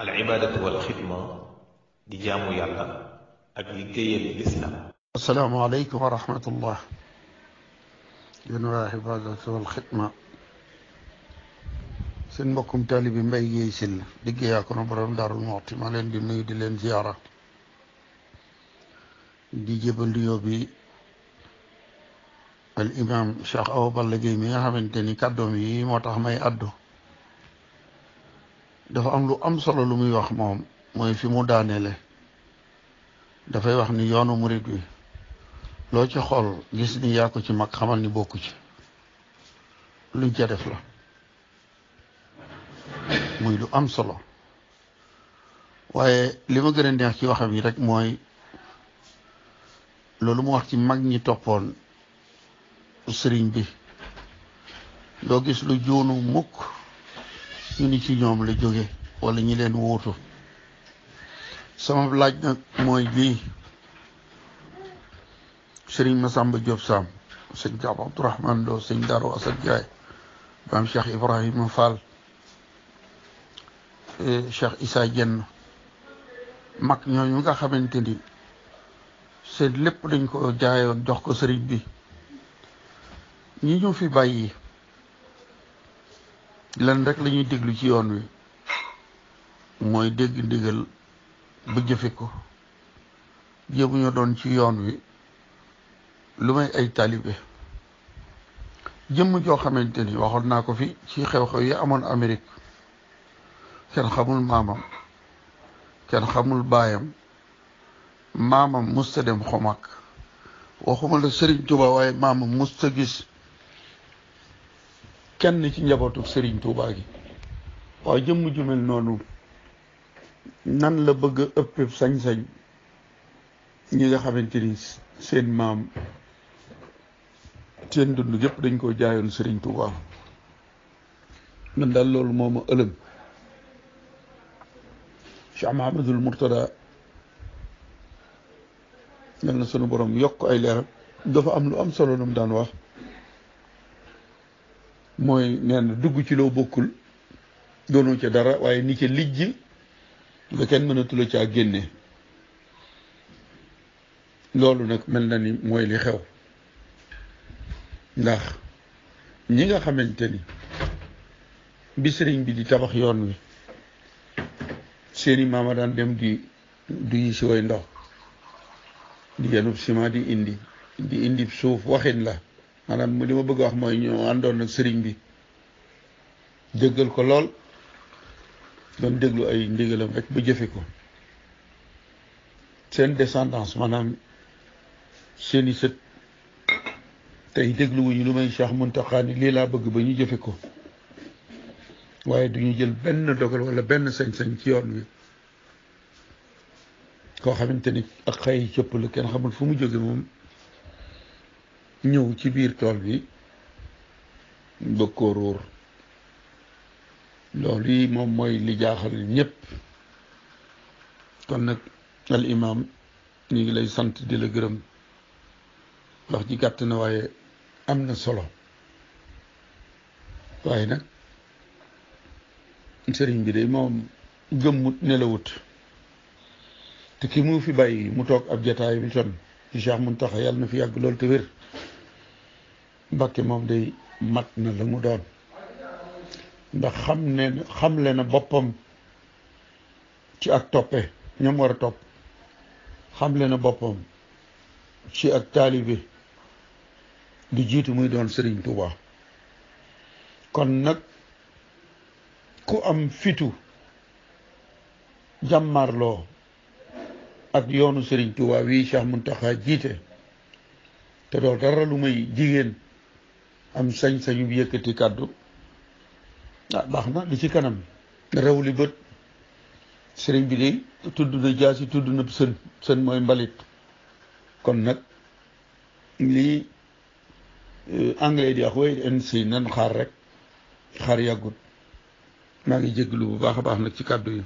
al ibaadatu wal xidma di jaamu yàlla ak liggéeyal lislaam asalaamaaleykum wa rahmatullah yéen waa ibaadatu wal xidma seen mbokkum taalibi mbay géey sil liggéeyaa ko na borom daarul moxti ma leen di nuyu di leen ziyaara di jébal nuyoo bi al imam Cheikh Awa Balla Gueye mi nga xamante ni kàddoom yi moo tax may addu dafa am lu am solo lu muy wax moom mooy fi mu daaneele dafay wax ni yoonu murit wi loo ci xool gis ni yaa ko ci mag xamal ni bokku ci luñ ca def la muy lu am solo waaye lima ma gën a neex ci waxam yi rek mooy loolu mu wax ci mag ñi toppoon sëriñ bi doo gis lu juunu mukk ñu ni ci ñoom la jóge wala ñi leen wuutu sama laaj nag mooy bii sëriñ ma Masamba Diop Sam sëñ Kaab Abdourahman Lo sëñ Daaru Asad Jaay maam Cheikh Ibrahima Fall eh, Cheikh Issa Dieng mag ñooñu nga xamante ni seen lépp dañ ko jaayoon jox ko sëriñ bi ñi ñu fi bàyyi lenn rek lañuy déglu ci yoon wi mooy dégg ndigal bu jëfe ko jéemuñoo doon ci yoon wi lu may ay taalibe jëmm joo xamante ni waxoon naa ko fi ci xew-xew yi amoon Amérique kenn xamul maamam kenn xamul baayam maamam musta dem xomak waxuma la Sëriñ Tuba waaye maamam musta gis kenn ci njabootu sëriñ Touba gi waaw jëmm ju noonu nan la bëgg a ëpp sañ-sañ ñi nga xamante ni seen maam seen dund yëpp dañ koo jaayoon Serigne Touba man daal loolu moo ma ëlëm Cheikh Mahamadul Murtada mel na sunu borom yokk ay leeram dafa am lu am solo lu mu daan wax. mooy nee na dugg ci loo bokkul doonoo ca dara waaye ni ca lijj nga kenn mënatula caa génne loolu nag mel na ni mooy li xew ndax ñi nga xamante ni bi sëriñ bi di tabax yoon wi seeni maama daan dem di du yi si way ndox di yenub ciment di indi di indi suuf waxin la maanaam li ma bëgg a wax mooy ñu àndoon nag sëriñ bi déggal ko lool doon déglu ay ndigalam rek ba jëfe ko seen descendance maanaam seeni sët tey dégluwuñu lu may Cheikh Muntaxa ni lii laa bëgg ba ñu jëfe ko waaye duñu jël benn dogal walla benn sañ-sañ ci yoon wi koo xamante ni ak xay cëpp la kenn xamul fu mu jóge moom ñëw ci biir tool bi bëgg ko ruur loolu yi moom mooy li jaaxal ñépp kon nag al imaam ñu ngi lay sant di la gërëm wax ji gàtt na waaye am na solo waaye nag sëriñ bi de moom gëmmut nelawut te ki mu fi bàyyi mu toog ab jataay bi ton ci Cheikh Muntaxa yàlla na fi yàgg loolu te wér Mbàkke moom day mat na la mu doon ndax xam ne xamle na boppam ci ak toppe ñoom war a topp xamle na boppam ci ak taalibe di jiitu muy doon Sëriñ Tuubaa kon nag ku am fitu jàmmarloo ak yoonu Sëriñ Tuubaa wi Cheikh Muntaxa jiite te doo dara lu may jigéen am sañ-sañu bi yëkkati kàddu ah baax na li ci kanam rew li bët sëriñ bi de tudd na jaasi tudd na sën sën mooy mbalit kon nag lii eh, anglais di wax way en si nan xaar rek xaar yàggut maa ngi jégalu bu baax a baax nag ci kàddu yi